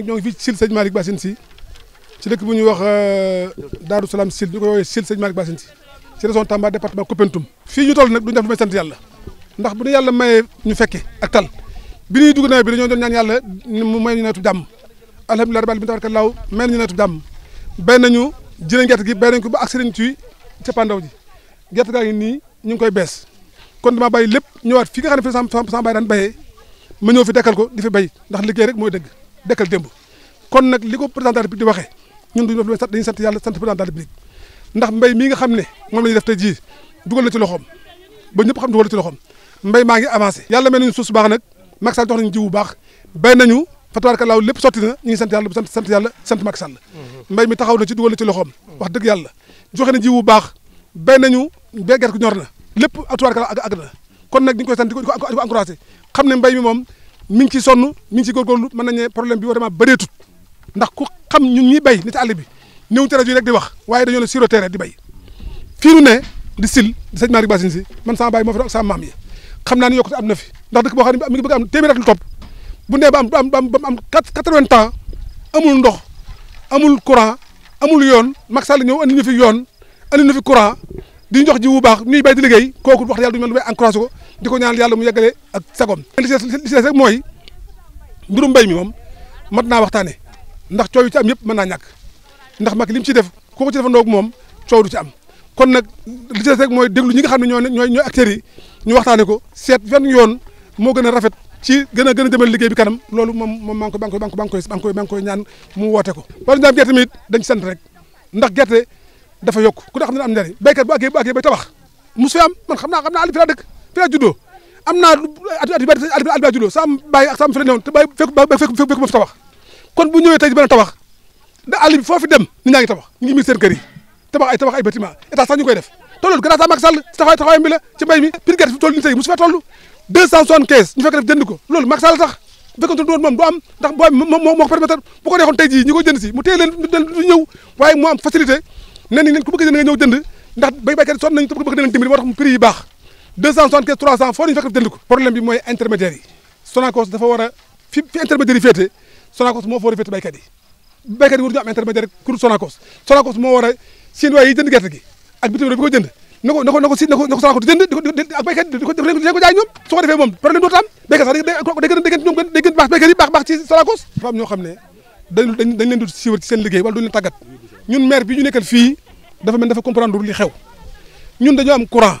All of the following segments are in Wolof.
nag ñoo ngi fii Sile sëñ Malick Bassine si ci dëkk bu ñuy wax euh, Daarou Salaam Sile ñu koy woowee Sile sëñ Malick Bassine si ci région Tamba département Koupentoum fii ñu toll nag duñu def lu may sant yàlla ndax bu ñu yàlla mayee ñu fekke ak tal bi ñuy dugg nawet bi dañoo doon ñaan yàlla mu may ñu nawetu jàmm alhamdulilah rabbil alamin tabaraka law may nañu nawetu jàmm bay nañu jëlee gerte gi bay nañ ko ba agsi nañ ci cappaandaw ji gerte gaa ngi nii ñu ngi koy bees kon dama bàyyi lépp ñëwaat fii nga xam ne fi sama sama baay daan bayee ma ñëw fi dekkal ko di fi bay ndax liggéey rek mooy dëgg dëkkal démb kon nak li ko président de la République di waxe ñun duñu def dañuy sant yalla sant président de la République ndax mbay mi nga xamne ne moom la def tey ji duggal na ci loxom ba ñëpp xam duggal ci loxom mbay maa ngi avancé mel ñu suuf bax nak nag Sall jox nañu bu Nous nañu fatawarka laaw lépp na ñi sant yalla sant sant yalla sant mak Sall mhm. mbay mi taxaw na ci duggal ci loxom mhm. wax deug yalla joxe na bu baax nañu béy gerte gu ñor na lépp atuwaarka ag ag na kon nak ñu koy sant ko encourager xamne mbay mi mi ngi ci sonn mi ngi ci góorgóorlu mën nañu ne problème bi vraiment bëreetut ndax ku xam ñun ñuy béy nit àll bi néew ci rajo yi rek di wax waaye dañoo ne sur le di bay fii nu ne di sil di sëñ Malick Bassine man sama bay moo fi doon ak sama maam yi xam naa ne yokkute am na fi ndax dëkk boo xam ne mi ngi bëgg am téeméer ak lu topp bu nee ba am ba am ba am quatre-vingts ans amul ndox amul courant amul yoon Macky Sall ñëw andi ñu fi yoon andi ñu fi courant di jox ji bu baax ñuy béy di liggéey kooku wax dëgg yàlla duñu mën lu may encouragé ko di ko ñaanal yàlla mu yeggale ak sagom li ci rek mooy mbirum mbéy mi moom mat naa waxtaane ndax coow yu ci am yëpp mën naa ñàkk ndax mag li mu ci def ku ko ci defandoo ak moom coow du ci am kon nag li rek mooy déglu ñi nga xam ne ñoo ñooy ñooy acteurs yi ñu waxtaane ko seet fen yoon moo gën a rafet ci gën a gën a demal liggéey bi kanam loolu moom moom maa ngi koy maa ngi koy maa ngi koy ñaan mu woote ko wala ñaam gerte mi it dañ sant rek ndax gerte dafa yokk ku ne xam ne am njëriñ béykat bu àggee bu àggee bay tabax mosu naa xam naa li fi laa dëkk fi laa juddoo am naa at at bi baay ak sama fi la newoon fi tabax kon bu ñëwee tey benn tabax da àll bi foofu dem nit ñaa ngi tabax ñu ngi miir seen kër ay tabax ay bâtiment état sax koy def te loolu grâce à Macky Sall si taxawaay mi prix gerte fi toll nii tey mosu fee toll deux cent soixante-quinze def jënd ko loolu Macky Sall tax bu du am ndax ko permettre bu ko neexoon tey ko jënd si mu téye leen du ñëw waaye mu am facilité ne ni leen 275 300 foo ñu fekk jënd ko problème bi mooy intermédiaire yi Sonacos dafa war a fi fi intermédiaire yi féete Sonacos moo fa war a féete béykat yi béykat yi war ñu am intermédiaire pour moo war a chinois yi jënd gerte gi ak bitim réew jënd na ko na ko na jënd di ko jaay ñoom su ko defee moom problème dootu am béykat sax day gën a day gën ñoom ñoo xam ne dañ dañ leen du siiwar ci seen liggéey wala duñ leen tàggat ñun maire bi ñu nekkal fii dafa mel dafa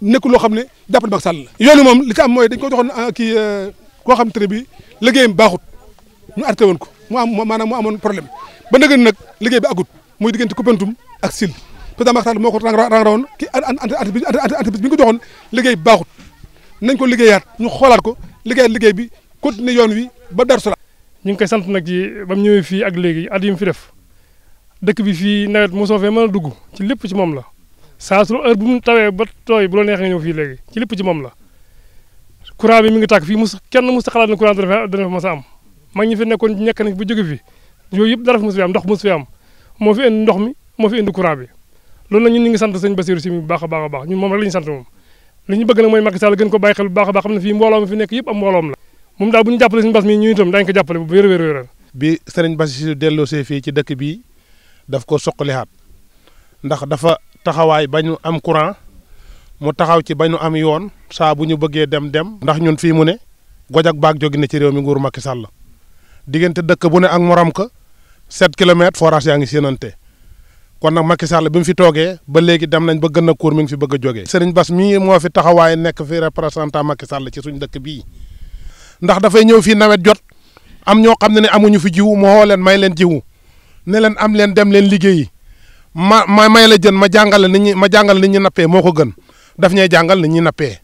nekkul loo xam ne jàppandi Macky Sall la yoonu moom li ci am mooy dañ ko joxoon ah, kii euh, koo xam te ne bi liggéeyam baaxut ñu arrêté woon ko mu am maanaam mu amoon problème ba nëgën nag liggéey bi agut muy diggante Koupentoum ak Sile président Macky Sall moo ko rang rangrawoon ki entreprise bi ñu ko joxoon liggéey bi baaxut nañ ko liggéeyaat ñu xoolaat ko liggéeyaat liggéey bi continuer yoon wi ba Darou Salaam ñu ngi koy sant nag ci ba mu ñëwee fii ak léegi at yi mu fi def dëkk bi fii nawet mosoo mën a dugg ci lépp ci moom la saa su heure bu mu tawee ba tooy bu la neexee nga ñëw fii léegi ci lépp ci moom la courant bi mi ngi tàkk fii mus kenn mus xalaat ne courant dana dana fa a am mag ñi fi nekkoon ñekk bu jóge fi yooyu yëpp dara am moo ndox mi moo fi indi courant bi loolu la ñun ñu ngi sant sëñ Bassirou si bu baax a baax a baax ñun moom rek sant moom li ñu bëgg nag mooy Macky Sall gën ko a baax xam ne fii mbooloo mi fi nekk yëpp am mbooloom la moom daal bu jàppale bu wér wér wér bi sëriñ Bassirou delloosee fii ci dëkk bi daf ko soqalihaat ndax taxawaay ba ñu am courant mu taxaw ci ba ñu am yoon saa bu ñu bëggee dem dem. ndax ñun fii mu ne Gojak baag jóge na ci réew mi nguuru Macky Sall diggante dëkk bu ne ak morom ka 7 kilomètres forage yaa ngi séenante kon nag Macky Sall bi mu fi toogee ba léegi dem nañ ba gën a kuur mi ngi fi bëgg a jógee. Serigne Bass mii moo fi taxawaay nekk fi représentant Macky Sall ci suñ dëkk bii ndax dafay ñëw fii nawet jot am ñoo xam ne ne amuñu fi jiwu moo leen may leen jiwu ne leen am leen dem leen liggéeyi. ma ma may la jën ma jàngal la nit ñi ma jàngal nit ñi nappee moo ko gën daf ñay jàngal nit ñi nappee